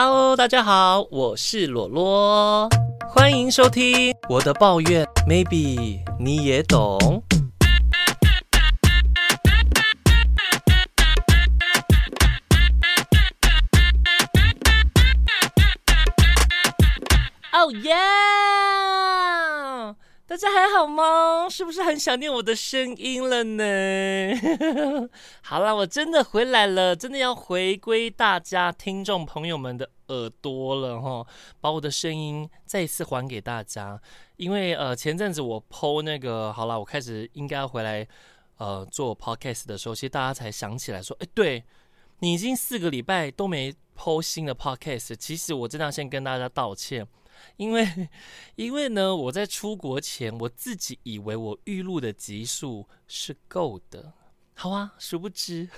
Hello，大家好，我是羅羅，歡迎收聽我的抱怨，Maybe 你也懂。Oh yeah。大家還好嗎？是不是很想念我的聲音了呢？ 好啦，我真的回來了，真的要回歸大家聽眾朋友們的耳朵了齁！把我的聲音再一次還給大家，因為呃，前陣子我 po 那個，好啦，我開始應該要回來呃做 podcast 的時候，其實大家才想起來說，哎，對你已經四個禮拜都沒 po 新的 podcast，其實我真的要先跟大家道歉。因為，因為呢，我在出國前，我自己以為我預錄的集數是夠的，好啊，殊不知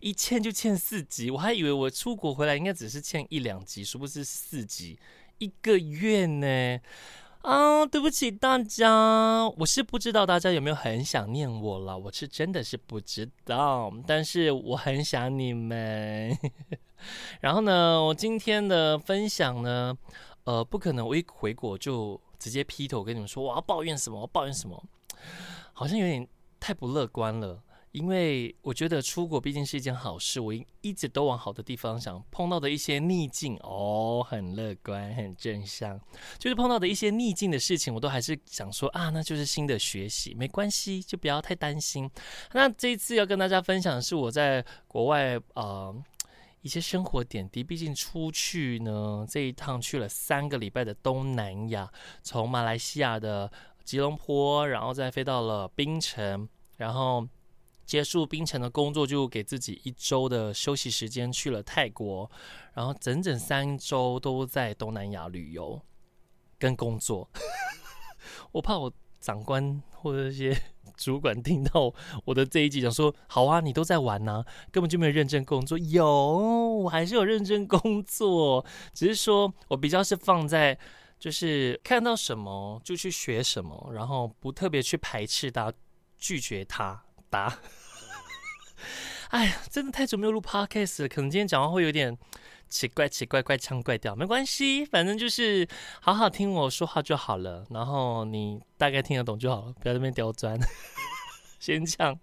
一欠就欠四集，我還以為我出國回來應該只是欠一兩集，殊不知四集一個月呢，啊、哦，對不起大家，我是不知道大家有沒有很想念我了，我是真的是不知道，但是我很想你們。 然後呢，我今天的分享呢。呃，不可能！我一回國就直接劈頭跟你們說，我要抱怨什麼？我要抱怨什麼？好像有點太不樂觀了。因為我覺得出國畢竟是一件好事，我一直都往好的地方想。碰到的一些逆境哦，很樂觀，很正向。就是碰到的一些逆境的事情，我都還是想說啊，那就是新的學習，沒關係，就不要太擔心。那這一次要跟大家分享的是我在國外啊。呃一些生活點滴，畢竟出去呢，這一趟去了三個禮拜的東南亞，從馬來西亞的吉隆坡，然後再飛到了檳城，然後結束檳城的工作，就給自己一周的休息時間去了泰國，然後整整三周都在東南亞旅遊跟工作， 我怕我長官或者這些。主管聽到我的這一集，講說：“好啊，你都在玩吶，啊，根本就沒有認真工作。”有，我還是有認真工作，只是說我比較是放在，就是看到什麼就去學什麼，然後不特別去排斥他，拒絕他，答。哎呀，真的太久沒有錄 Podcast 了，可能今天講話會有點。奇怪奇怪，怪腔怪調，沒關係，反正就是好好聽我說話就好了。然後你大概聽得懂就好了，不要在那邊刁鑽， 先這樣。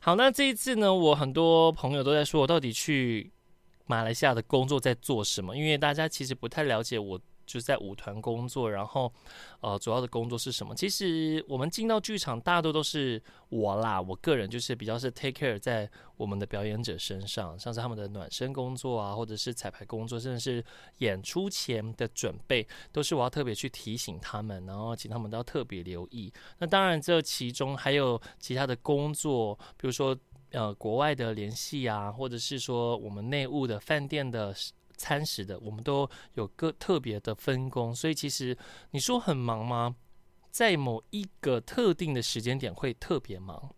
好，那這一次呢，我很多朋友都在說，我到底去馬來西亞的工作在做什麼？因為大家其實不太了解我。就是在舞團工作，然後，呃，主要的工作是什麼？其實我們進到劇場，大多都是我啦。我個人就是比較是 take care 在我們的表演者身上，像是他們的暖身工作啊，或者是彩排工作，甚至是演出前的準備，都是我要特別去提醒他們，然後請他們都要特別留意。那當然，這其中還有其他的工作，比如說呃，國外的聯繫啊，或者是說我們內務的飯店的。餐食的，我們都有個特別的分工，所以其實你說很忙嗎？在某一個特定的時間點會特別忙，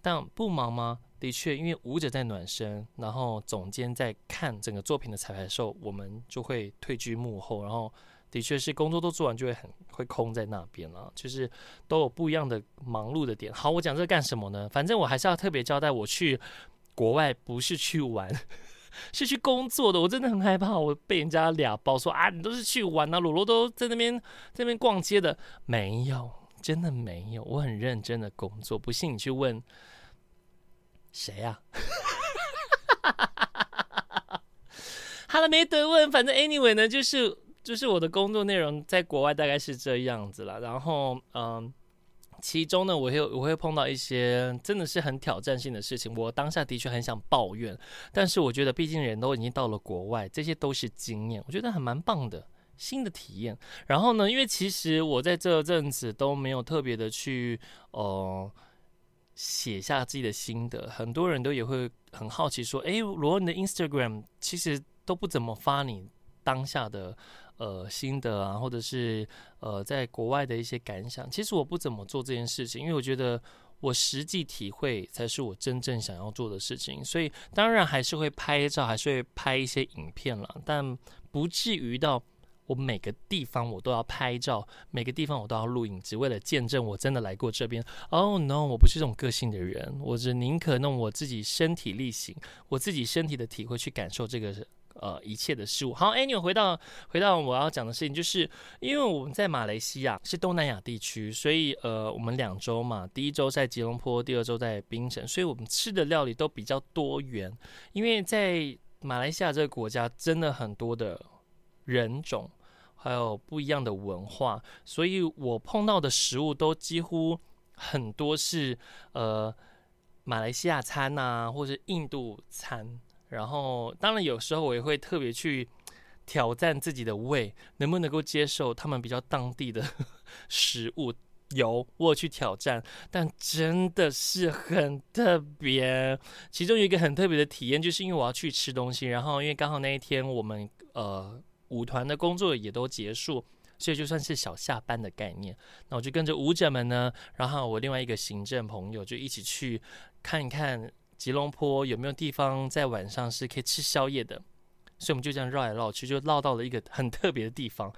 但不忙嗎？的確，因為舞者在暖身，然後總監在看整個作品的彩排的時候，我們就會退居幕後，然後的確是工作都做完，就會很會空在那邊了，就是都有不一樣的忙碌的點。好，我講這個幹什麼呢？反正我還是要特別交代，我去國外不是去玩。是去工作的，我真的很害怕，我被人家倆包說啊，你都是去玩啊，羅羅都在那邊在那邊逛街的，沒有，真的沒有，我很認真的工作，不信你去問誰呀、啊？哈 哈 好了，沒得問，反正 anyway 呢，就是就是我的工作內容在國外大概是這樣子了，然後嗯。其中呢，我會我會碰到一些真的是很挑戰性的事情，我當下的確很想抱怨，但是我覺得畢竟人都已經到了國外，這些都是經驗，我覺得還蠻棒的新的體驗。然後呢，因為其實我在這陣子都沒有特別的去呃寫下自己的心得，很多人都也會很好奇說，哎、欸，羅，你的 Instagram 其實都不怎麼發你當下的。呃，心得啊，或者是呃，在國外的一些感想。其實我不怎麼做這件事情，因為我覺得我實際體會才是我真正想要做的事情。所以當然還是會拍照，還是會拍一些影片啦，但不至於到我每個地方我都要拍照，每個地方我都要錄影，只為了見證我真的來過這邊。Oh no，我不是這種個性的人，我只寧可弄我自己身體力行，我自己身體的體會去感受這個。呃，一切的事物好，哎，anyway 回到，回到我要講的事情，就是因為我們在馬來西亞是東南亞地區，所以呃，我們兩周嘛，第一周在吉隆坡，第二周在檳城，所以我們吃的料理都比較多元，因為在馬來西亞這個國家真的很多的人種，還有不一樣的文化，所以我碰到的食物都幾乎很多是呃馬來西亞餐吶、啊，或者是印度餐。然後，當然有時候我也會特別去挑戰自己的胃，能不能夠接受他們比較當地的食物油，我去挑戰，但真的是很特別。其中有一個很特別的體驗，就是因為我要去吃東西，然後因為剛好那一天我們呃舞團的工作也都結束，所以就算是小下班的概念。那我就跟着舞者們呢，然後我另外一個行政朋友就一起去看一看。吉隆坡有沒有地方在晚上是可以吃宵夜的？所以我們就這樣繞來繞去，就繞到了一個很特別的地方。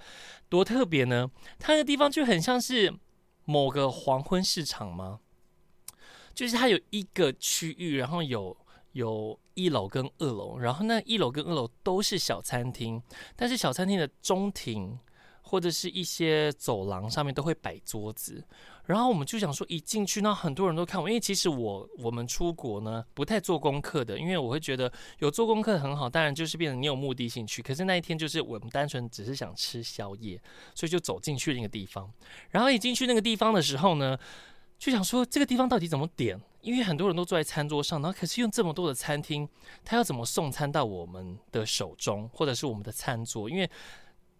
多特別呢？它那個地方就很像是某個黃昏市場嗎？就是它有一個區域，然後有有一樓跟二樓，然後那一樓跟二樓都是小餐廳，但是小餐廳的中庭或者是一些走廊上面都會擺桌子。然後我們就想說，一進去呢，很多人都看我，因為其實我我們出國呢不太做功課的，因為我會覺得有做功課很好，當然就是變得你有目的性去。可是那一天就是我們單純只是想吃宵夜，所以就走進去那個地方。然後一進去那個地方的時候呢，就想說這個地方到底怎麼點？因為很多人都坐在餐桌上，然後可是用這麼多的餐廳，他要怎麼送餐到我們的手中，或者是我們的餐桌？因為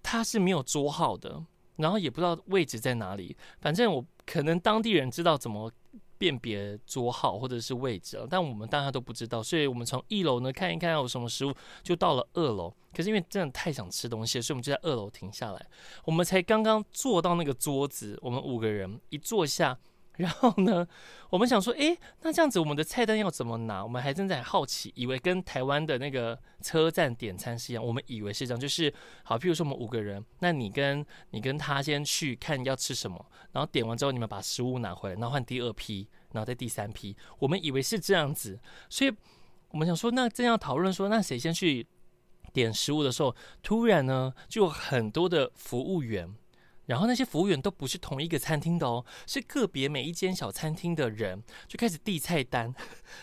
他是沒有桌號的。然後也不知道位置在哪裡，反正我可能當地人知道怎麼辨別桌號或者是位置，但我們大家都不知道，所以我們從一樓呢看一看有什麼食物，就到了二樓。可是因為真的太想吃東西，所以我們就在二樓停下來。我們才剛剛坐到那個桌子，我們五個人一坐下。然後呢，我們想說，欸，那這樣子我們的菜單要怎麼拿？我們還正在好奇，以為跟台灣的那個車站點餐是一樣。我們以為是這樣，就是好，比如說我們五個人，那你跟你跟他先去看要吃什麼，然後點完之後，你們把食物拿回來，然後換第二批，然後再第三批。我們以為是這樣子，所以我們想說，那正要討論說，那誰先去點食物的時候，突然呢，就有很多的服務員。然後那些服務員都不是同一個餐廳的哦，是個別每一間小餐廳的人就開始遞菜單，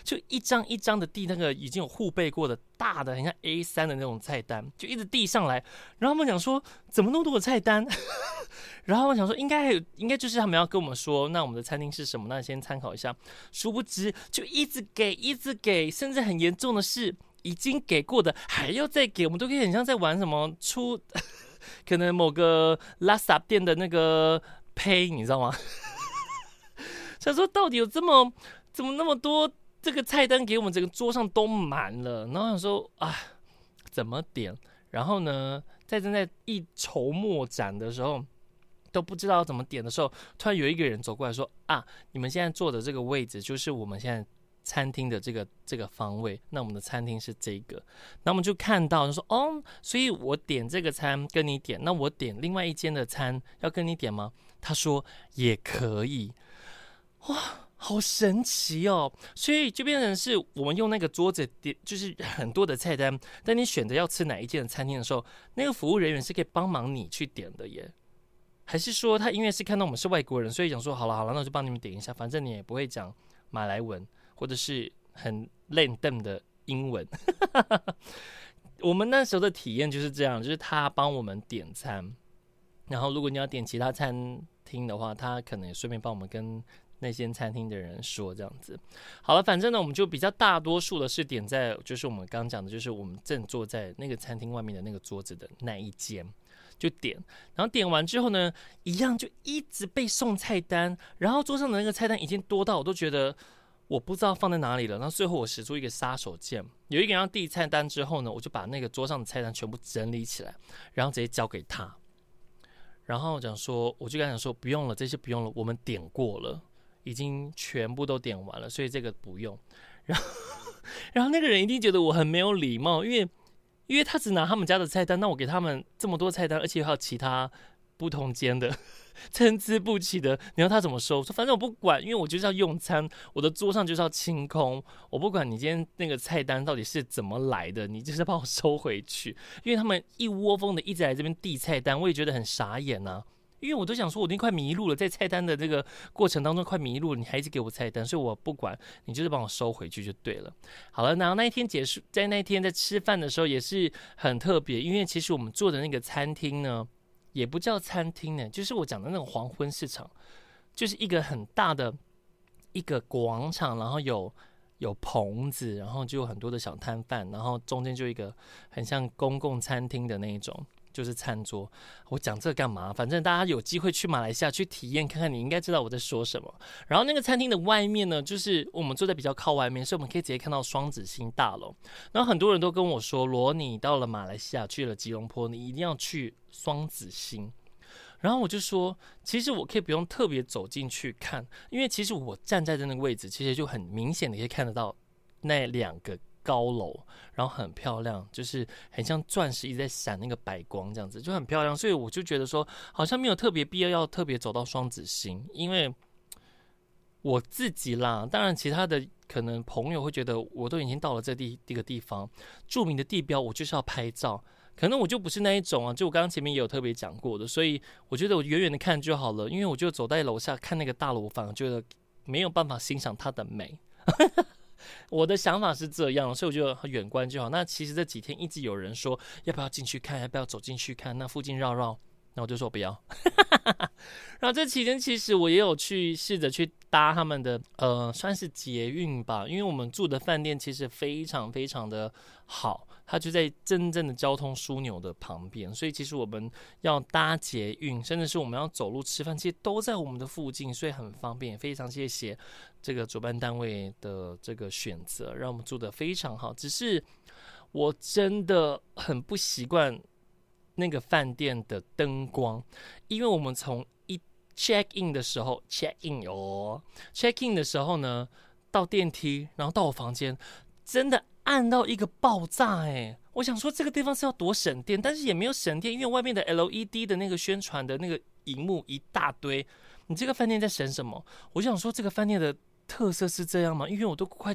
就一張一張的遞那個已經有護貝過的大的，很像 A3 的那種菜單，就一直遞上來。然後他們想說怎麼那麼多的菜單？ 然後我想說應該還有應該就是他們要跟我們說，那我們的餐廳是什麼？那先參考一下。殊不知就一直給一直給，甚至很嚴重的是已經給過的還要再給，我們都可以很像在玩什麼出。 可能某個拉薩店的那個胚，你知道嗎？ 想說到底有這麼怎麼那麼多這個菜單，給我們整個桌上都滿了，然後想說啊怎麼點？然後呢，在正在一籌莫展的時候，都不知道怎麼點的時候，突然有一個人走過來說啊，你們現在坐的這個位置就是我們現在。餐廳的這個這個方位，那我們的餐廳是這個，那我們就看到就說，哦，所以我點這個餐跟你點，那我點另外一間的餐要跟你點嗎？他說也可以，哇，好神奇哦！所以就變成是我們用那個桌子點，就是很多的菜單，但你選擇要吃哪一間的餐廳的時候，那個服務人員是可以幫忙你去點的耶，還是說他因為是看到我們是外國人，所以想說，好了好了，那我就幫你們點一下，反正你也不會講馬來文。或者是很 random 的英文， 我們那時候的體驗就是這樣，就是他幫我們點餐，然後如果你要點其他餐廳的話，他可能也順便幫我們跟那些餐廳的人說這樣子。好了，反正呢，我們就比較大多數的是點在就是我們剛講的，就是我們正坐在那個餐廳外面的那個桌子的那一間就點，然後點完之後呢，一樣就一直被送菜單，然後桌上的那個菜單已經多到我都覺得。我不知道放在哪裡了。那最後我使出一個殺手鐧，有一個人要遞菜單之後呢，我就把那個桌上的菜單全部整理起來，然後直接交給他。然後講說，我就跟他講說，不用了，這些不用了，我們點過了，已經全部都點完了，所以這個不用。然後，然後那個人一定覺得我很沒有禮貌，因為因為他只拿他們家的菜單，那我給他們這麼多菜單，而且還有其他不同間的。參差不齊的，你要他怎麼收？說反正我不管，因為我就是要用餐，我的桌上就是要清空，我不管你今天那個菜單到底是怎麼來的，你就是幫我收回去。因為他們一窩蜂的一直來這邊遞菜單，我也覺得很傻眼吶、啊。因為我都想說，我已經快迷路了，在菜單的這個過程當中快迷路了，你還一直給我菜單，所以我不管，你就是幫我收回去就對了。好了，然後那一天結束，在那一天在吃飯的時候也是很特別，因為其實我們坐的那個餐廳呢。也不叫餐廳耶，就是我講的那種黃昏市場，就是一個很大的一個廣場，然後有有棚子，然後就有很多的小攤販，然後中間就一個很像公共餐廳的那一種。就是餐桌，我講這幹嘛？反正大家有機會去馬來西亞去體驗看看，你應該知道我在說什麼。然後那個餐廳的外面呢，就是我們坐在比較靠外面，所以我們可以直接看到雙子星大樓。然後很多人都跟我說，羅你到了馬來西亞去了吉隆坡，你一定要去雙子星。然後我就說，其實我可以不用特別走進去看，因為其實我站在的那個位置，其實就很明顯的可以看得到那兩個。高樓，然後很漂亮，就是很像鑽石，一直在閃那個白光，這樣子就很漂亮。所以我就覺得說，好像沒有特別必要要特別走到雙子星，因為我自己啦，當然其他的可能朋友會覺得，我都已經到了這地這個地方著名的地標，我就是要拍照。可能我就不是那一種啊，就我剛剛前面也有特別講過的，所以我覺得我遠遠的看就好了，因為我就走在樓下看那個大樓，反而覺得沒有辦法欣賞它的美。 我的想法是這樣，所以我覺得很遠觀就好。那其實這幾天一直有人說要不要進去看，要不要走進去看，那附近繞繞。那我就說我不要。 然後這期間其實我也有去試着去搭他們的呃，算是捷運吧，因為我們住的飯店其實非常非常的好。它就在真正的交通樞紐的旁邊，所以其實我們要搭捷運，甚至是我們要走路吃飯，其實都在我們的附近，所以很方便。也非常謝謝這個主辦單位的這個選擇，讓我們住的非常好。只是我真的很不習慣那個飯店的燈光，因為我們從一 check in 的時候，check in 哦，check in 的時候呢，到電梯，然後到我房間，真的。暗到一個爆炸哎、欸！我想說這個地方是要多省電，但是也沒有省電，因為外面的 LED 的那個宣傳的那個熒幕一大堆。你這個飯店在省什麼？我想說這個飯店的特色是這樣嗎？因為我都快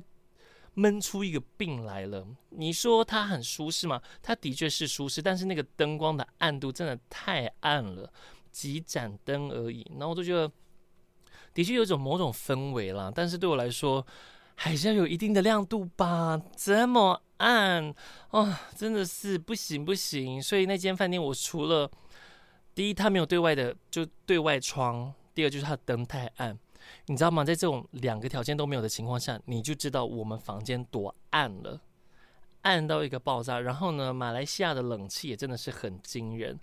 悶出一個病來了。你說它很舒適嗎？它的確是舒適，但是那個燈光的暗度真的太暗了，幾盞燈而已。然後我就覺得的確有種某種氛圍啦，但是對我來說。還是要有一定的亮度吧，這麼暗啊、哦，真的是不行不行。所以那間飯店，我除了第一它沒有對外的，就對外窗；第二就是它燈太暗，你知道嗎？在這種兩個條件都沒有的情況下，你就知道我們房間多暗了，暗到一個爆炸。然後呢，馬來西亞的冷氣也真的是很驚人，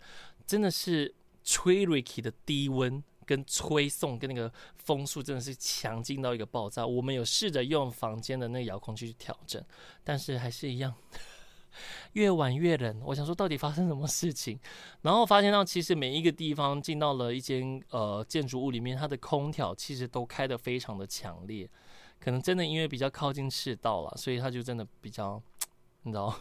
真的是吹瑞奇的低溫。跟吹送跟那個風速真的是強勁到一個爆炸。我們有試着用房間的那個遙控器去調整，但是還是一樣，越晚越冷。我想說到底發生什麼事情，然後發現到其實每一個地方進到了一間呃建築物裡面，它的空調其實都開得非常的強烈。可能真的因為比較靠近赤道了，所以它就真的比較，你知道。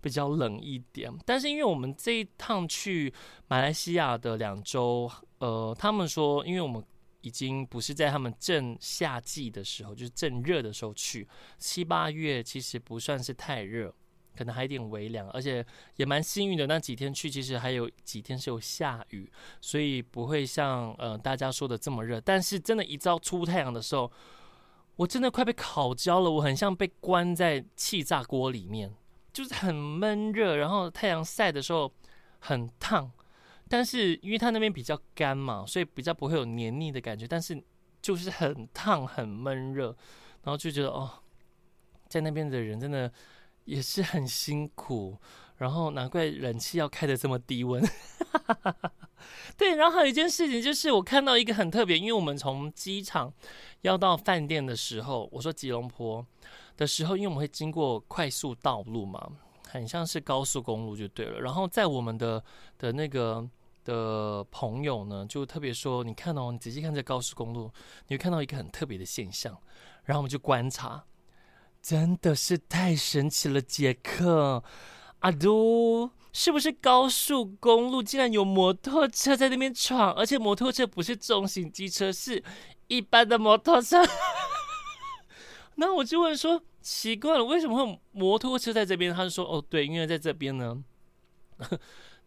比較冷一點，但是因為我們這一趟去馬來西亞的兩周，呃，他們說，因為我們已經不是在他們正夏季的時候，就是正熱的時候去，七八月其實不算是太熱，可能還有點微涼，而且也蠻幸運的。那幾天去，其實還有幾天是有下雨，所以不會像呃大家說的這麼熱。但是真的，一照出太陽的時候，我真的快被烤焦了，我很像被關在氣炸鍋裡面。就是很悶熱，然後太陽曬的時候很燙，但是因為它那邊比較乾嘛，所以比較不會有黏膩的感覺。但是就是很燙、很悶熱，然後就覺得哦，在那邊的人真的也是很辛苦，然後難怪冷氣要開得這麼低溫。 對，然後還有一件事情，就是我看到一個很特別，因為我們從機場要到飯店的時候，我說吉隆坡。的時候，因為我們會經過快速道路嘛，很像是高速公路就對了。然後在我們的的那個的朋友呢，就特別說，你看哦，你仔細看這高速公路，你會看到一個很特別的現象。然後我們就觀察，真的是太神奇了，傑克，阿杜，是不是？高速公路竟然有摩托車在那邊闖，而且摩托車不是重型機車，是一般的摩托車。那我就問說，奇怪了，為什麼會有摩托車在這邊？他就說，哦，對，因為在這邊呢，呵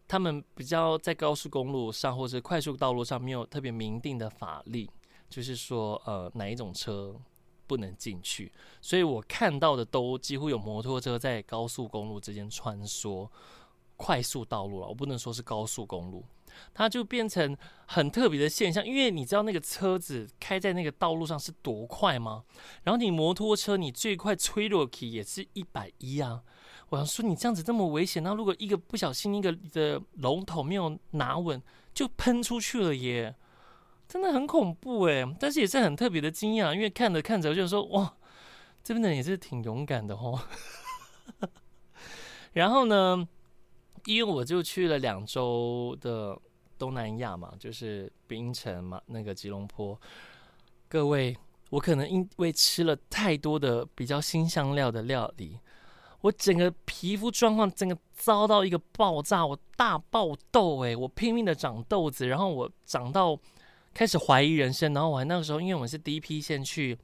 他們比較在高速公路上或者快速道路上沒有特別明定的法令，就是說，呃，哪一種車不能進去？所以我看到的都幾乎有摩托車在高速公路之間穿梭，快速道路了，我不能說是高速公路。它就變成很特別的現象，因為你知道那個車子開在那個道路上是多快嗎？然後你摩托車你最快吹落去也是一百一啊！我想說你這樣子這麼危險，那如果一個不小心，一個的龍頭沒有拿穩就噴出去了耶，真的很恐怖誒、欸。但是也是很特別的驚訝，因為看着看着我就說哇，這邊的人也是挺勇敢的齁。 然後呢？因為我就去了兩周的東南亞嘛，就是檳城嘛，那個吉隆坡。各位，我可能因為吃了太多的比較辛香料的料理，我整個皮膚狀況整個遭到一個爆炸，我大爆痘誒、欸，我拼命的長痘子，然後我長到開始懷疑人生，然後我還那個時候因為我是第一批先去。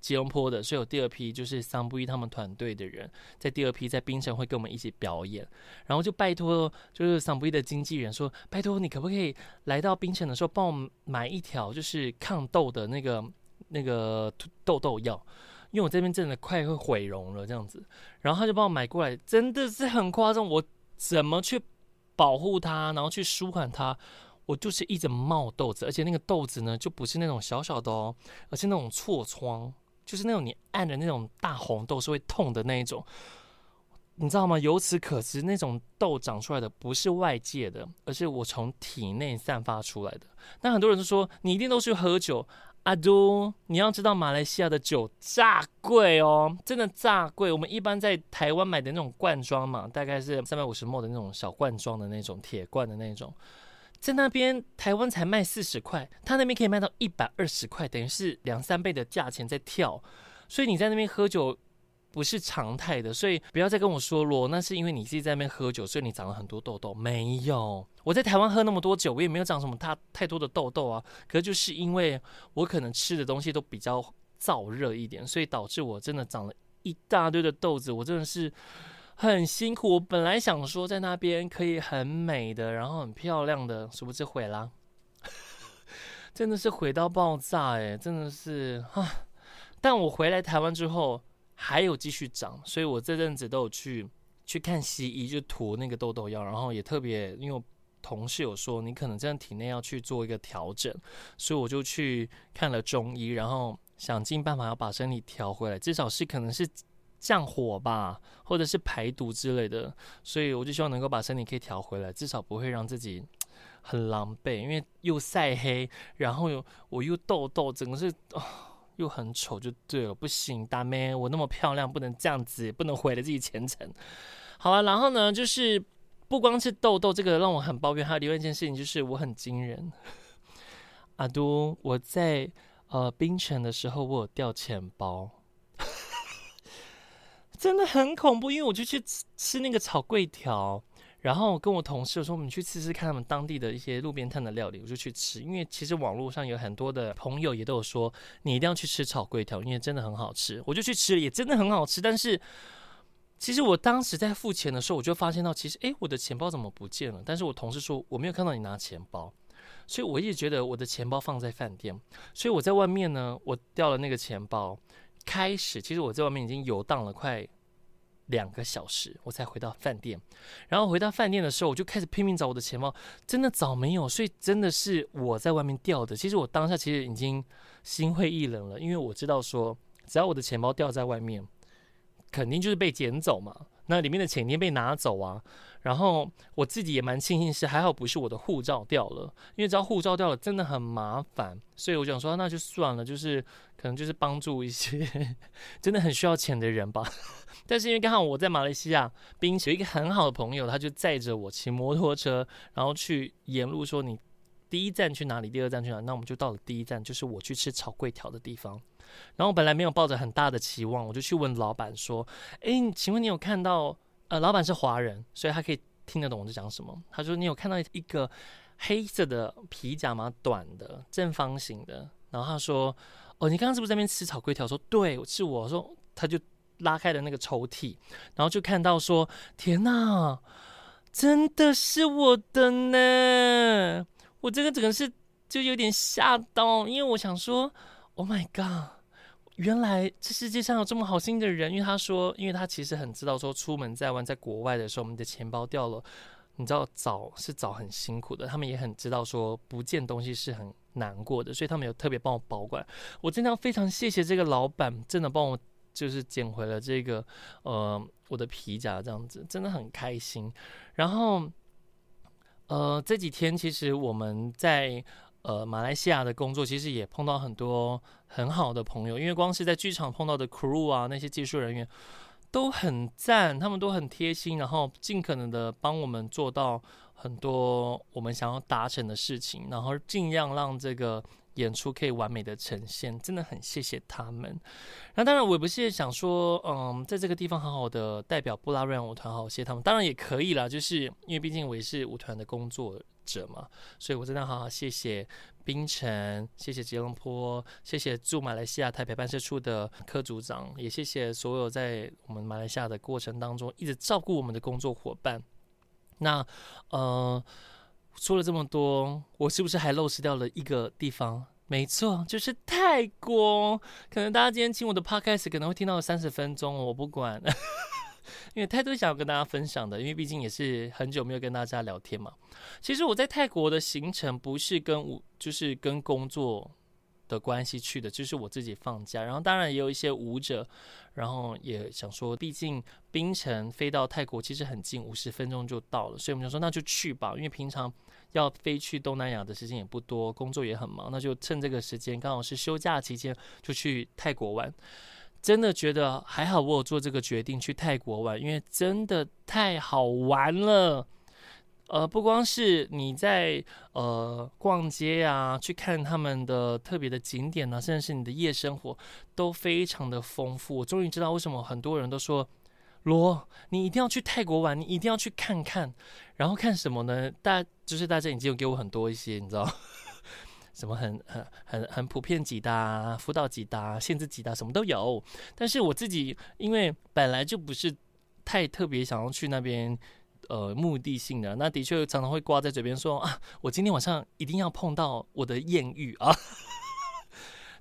吉隆坡的，所以有第二批，就是桑布伊他們團隊的人在第二批在檳城會跟我們一起表演，然後就拜託就是桑布伊的經紀人說，拜託你可不可以來到檳城的時候幫我買一條就是抗痘的那個那個痘痘藥，因為我這邊真的快會毀容了這樣子。然後他就幫我買過來，真的是很誇張，我怎麼去保護它，然後去舒緩它，我就是一直冒痘子，而且那個痘子呢就不是那種小小的哦，而是那種痤瘡。就是那種你按的那種大紅豆是會痛的那一種，你知道嗎？由此可知，那種豆長出來的不是外界的，而是我從體內散發出來的。那很多人就說你一定都去喝酒，阿、啊、都你要知道馬來西亞的酒炸貴哦，真的炸貴。我們一般在台灣買的那種罐裝嘛，大概是三百五十 ml 的那種小罐裝的那種鐵罐的那種。在那邊，台灣才賣四十塊，他那邊可以賣到一百二十塊，等於是兩三倍的價錢在跳。所以你在那邊喝酒不是常態的，所以不要再跟我說咯。那是因為你自己在那邊喝酒，所以你長了很多痘痘。沒有，我在台灣喝那麼多酒，我也沒有長什麼太太多的痘痘啊。可是就是因為我可能吃的東西都比較燥熱一點，所以導致我真的長了一大堆的痘子。我真的是。很辛苦，我本來想說，在那邊可以很美的，然後很漂亮的，殊不知 的是不是？毀啦，真的是毀到爆炸哎，真的是啊！但我回來台灣之後還有繼續長，所以我這陣子都有去去看西醫，就塗那個痘痘藥，然後也特別因為我同事有說，你可能真的體內要去做一個調整，所以我就去看了中醫，然後想盡辦法要把身體調回來，至少是可能是。降火吧，或者是排毒之類的，所以我就希望能夠把身體可以調回來，至少不會讓自己很狼狽，因為又曬黑，然後又我又痘痘，整個是哦、呃，又很醜，就對了，不行，達咩，我那麼漂亮，不能這樣子，不能毀了自己前程。好啊，然後呢，就是不光是痘痘，這個讓我很抱怨，還有另外一件事情，就是我很驚人。阿、啊、都，我在呃冰城的時候，我有掉錢包。真的很恐怖，因為我就去吃，吃那個炒粿條，然後我跟我同事說：“我們去吃吃看他們當地的一些路邊攤的料理。”我就去吃，因為其實網絡上有很多的朋友也都有說，你一定要去吃炒粿條，因為真的很好吃。我就去吃，也真的很好吃。但是其實我當時在付錢的時候，我就發現到其實哎，我的錢包怎麼不見了？但是我同事說我沒有看到你拿錢包，所以我也覺得我的錢包放在飯店，所以我在外面呢，我掉了那個錢包。開始，其實我在外面已經遊蕩了快兩個小時，我才回到飯店。然後回到飯店的時候，我就開始拼命找我的錢包，真的找沒有，所以真的是我在外面掉的。其實我當下其實已經心灰意冷了，因為我知道說，只要我的錢包掉在外面，肯定就是被撿走嘛，那裡面的錢已經被拿走啊。然後我自己也蠻慶幸是，還好不是我的護照掉了，因為只要護照掉了，真的很麻煩。所以我想說，那就算了，就是可能就是幫助一些真的很需要錢的人吧。但是因為剛好我在馬來西亞，並且有一個很好的朋友，他就載着我騎摩托車，然後去沿路說你第一站去哪裡，第二站去哪？那我們就到了第一站，就是我去吃炒粿條的地方。然後我本來沒有抱着很大的期望，我就去問老闆說：“誒，請問你有看到？”呃，老闆是華人，所以他可以聽得懂我在講什麼。他說：“你有看到一個黑色的皮夾嗎？短的，正方形的。”然後他說：“哦，你剛剛是不是在那邊吃炒粿條？”說：“對，是我，我說。”他就拉開了那個抽屜，然後就看到說：“天哪，真的是我的呢！我真的整個是就有點嚇到，因為我想說，Oh my God。”原來這世界上有這麼好心的人，因為他說，因為他其實很知道說，出門在外，在國外的時候，我們的錢包掉了，你知道找是找很辛苦的，他們也很知道說，不見東西是很難過的，所以他們有特別幫我保管。我真的非常謝謝這個老闆，真的幫我就是撿回了這個，呃，我的皮夾，這樣子真的很開心。然後，呃，這幾天其實我們在。呃，馬來西亞的工作其實也碰到很多很好的朋友，因為光是在劇場碰到的 crew 啊，那些技術人員都很讚，他們都很貼心，然後盡可能的幫我們做到很多我們想要達成的事情，然後盡量讓這個。演出可以完美的呈現，真的很謝謝他們。那當然，我也不是想說，嗯，在這個地方好好的代表布拉瑞揚舞團，好好謝謝他們。當然也可以啦，就是因為畢竟我也是舞團的工作者嘛，所以我真的好好謝謝檳城，謝謝吉隆坡，謝謝駐馬來西亞台北辦事處的科組長，也謝謝所有在我們馬來西亞的過程當中一直照顧我們的工作夥伴。那，呃。說了這麼多，我是不是還漏失掉了一個地方？沒錯，就是泰國。可能大家今天聽我的 podcast 可能會聽到三十分鐘，我不管， 因為太多想要跟大家分享的。因為畢竟也是很久沒有跟大家聊天嘛。其實我在泰國的行程不是跟舞，就是跟工作的關係去的，就是我自己放假。然後當然也有一些舞者，然後也想說，畢竟檳城飛到泰國其實很近，五十分鐘就到了，所以我們就說那就去吧。因為平常。要飛去東南亞的時間也不多，工作也很忙，那就趁這個時間，剛好是休假期間，就去泰國玩。真的覺得還好，我有做這個決定去泰國玩，因為真的太好玩了。呃，不光是你在呃逛街呀，去看他們的特別的景點啊，甚至是你的夜生活都非常的豐富。我終於知道為什麼很多人都說。羅，你一定要去泰國玩，你一定要去看看。然後看什麼呢？大就是大家已經有給我很多一些，你知道，什麼很很很很普遍級的、輔導級的、限制級的，什麼都有。但是我自己因為本來就不是太特別想要去那邊，呃，目的性的。那的確常常會掛在嘴邊說啊，我今天晚上一定要碰到我的豔遇啊。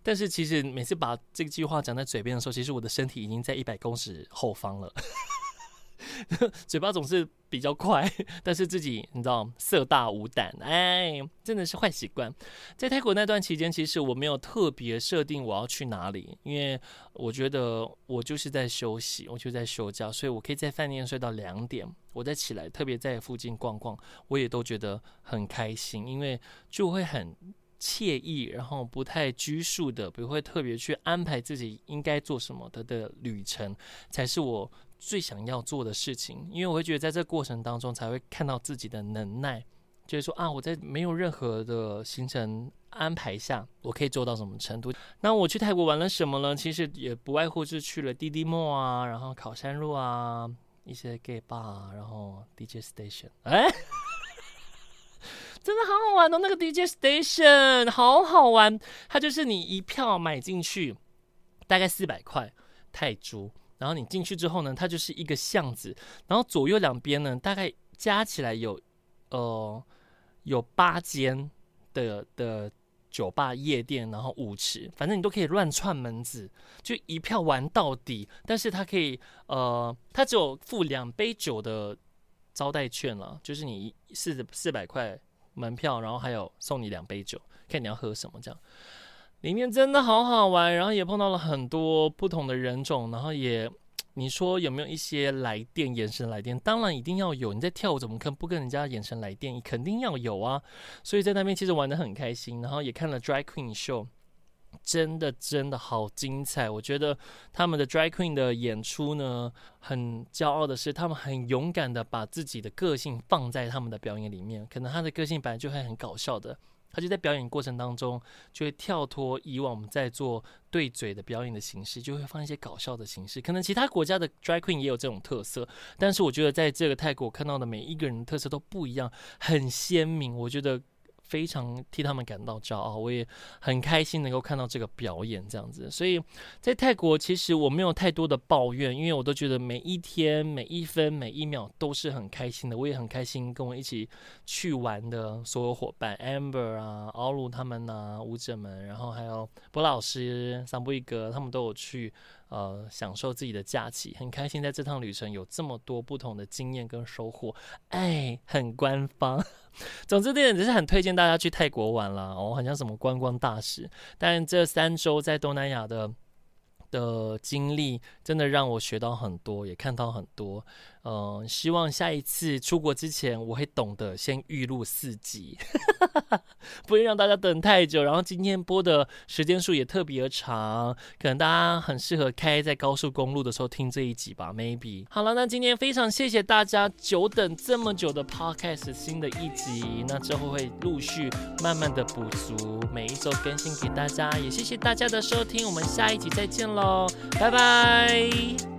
但是其實每次把這個句話講在嘴邊的時候，其實我的身體已經在一百公尺後方了。 嘴巴總是比較快，但是自己你知道色大無膽，哎，真的是壞習慣。在泰國那段期間，其實我沒有特別設定我要去哪裡，因為我覺得我就是在休息，我就是在休假，所以我可以在飯店睡到兩點，我再起來特別在附近逛逛，我也都覺得很開心，因為就會很愜意，然後不太拘束的，不會特別去安排自己應該做什麼的的旅程，才是我最想要做的事情。因為我會覺得，在這個過程當中，才會看到自己的能耐，就是說啊，我在沒有任何的行程安排下，我可以做到什麼程度。那我去泰國玩了什麼呢？其實也不外乎是去了滴滴莫啊，然後考山路啊，一些 gay bar，然後 DJ Station，哎。真的好好玩哦！那個 DJ Station 好好玩，它就是你一票買進去，大概四百塊泰銖，然後你進去之後呢，它就是一個巷子，然後左右兩邊呢，大概加起來有呃有八間的的酒吧、夜店，然後舞池，反正你都可以亂串門子，就一票玩到底。但是它可以呃，它只有付兩杯酒的招待券了，就是你四四百塊。門票，然後還有送你兩杯酒，看你要喝什麼。這樣，裡面真的好好玩，然後也碰到了很多不同的人種，然後也，你說有沒有一些來電、眼神來電？當然一定要有，你在跳舞怎麼可能不跟人家眼神來電？你肯定要有啊。所以在那邊其實玩得很開心，然後也看了 Drag Queen Show。真的真的好精彩！我覺得他們的 drag queen 的演出呢，很驕傲的是，他們很勇敢的把自己的個性放在他們的表演裡面。可能他的個性本來就會很搞笑的，他就在表演過程當中就會跳脫以往我們在做對嘴的表演的形式，就會放一些搞笑的形式。可能其他國家的 drag queen 也有這種特色，但是我覺得在這個泰國看到的每一個人的特色都不一樣，很鮮明。我覺得。非常替他們感到驕傲，我也很開心能夠看到這個表演這樣子。所以在泰國，其實我沒有太多的抱怨，因為我都覺得每一天、每一分、每一秒都是很開心的。我也很開心跟我一起去玩的所有夥伴，Amber 啊、奧魯他們吶、啊、舞者們，然後還有博老師、桑布一哥，他們都有去呃享受自己的假期，很開心在這趟旅程有這麼多不同的經驗跟收穫。哎，很官方。總之，這點只是很推薦大家去泰國玩啦。我好像什麼觀光大使。但這三周在東南亞的的經歷，真的讓我學到很多，也看到很多。嗯，希望下一次出國之前，我會懂得先預錄四集，哈哈哈。不會讓大家等太久。然後今天播的時間數也特別的長，可能大家很適合開在高速公路的時候聽這一集吧，maybe。好了，那今天非常謝謝大家久等這麼久的 Podcast 新的一集，那之後會陸續慢慢的補足，每一周更新給大家。也謝謝大家的收聽，我們下一集再見嘍，拜拜。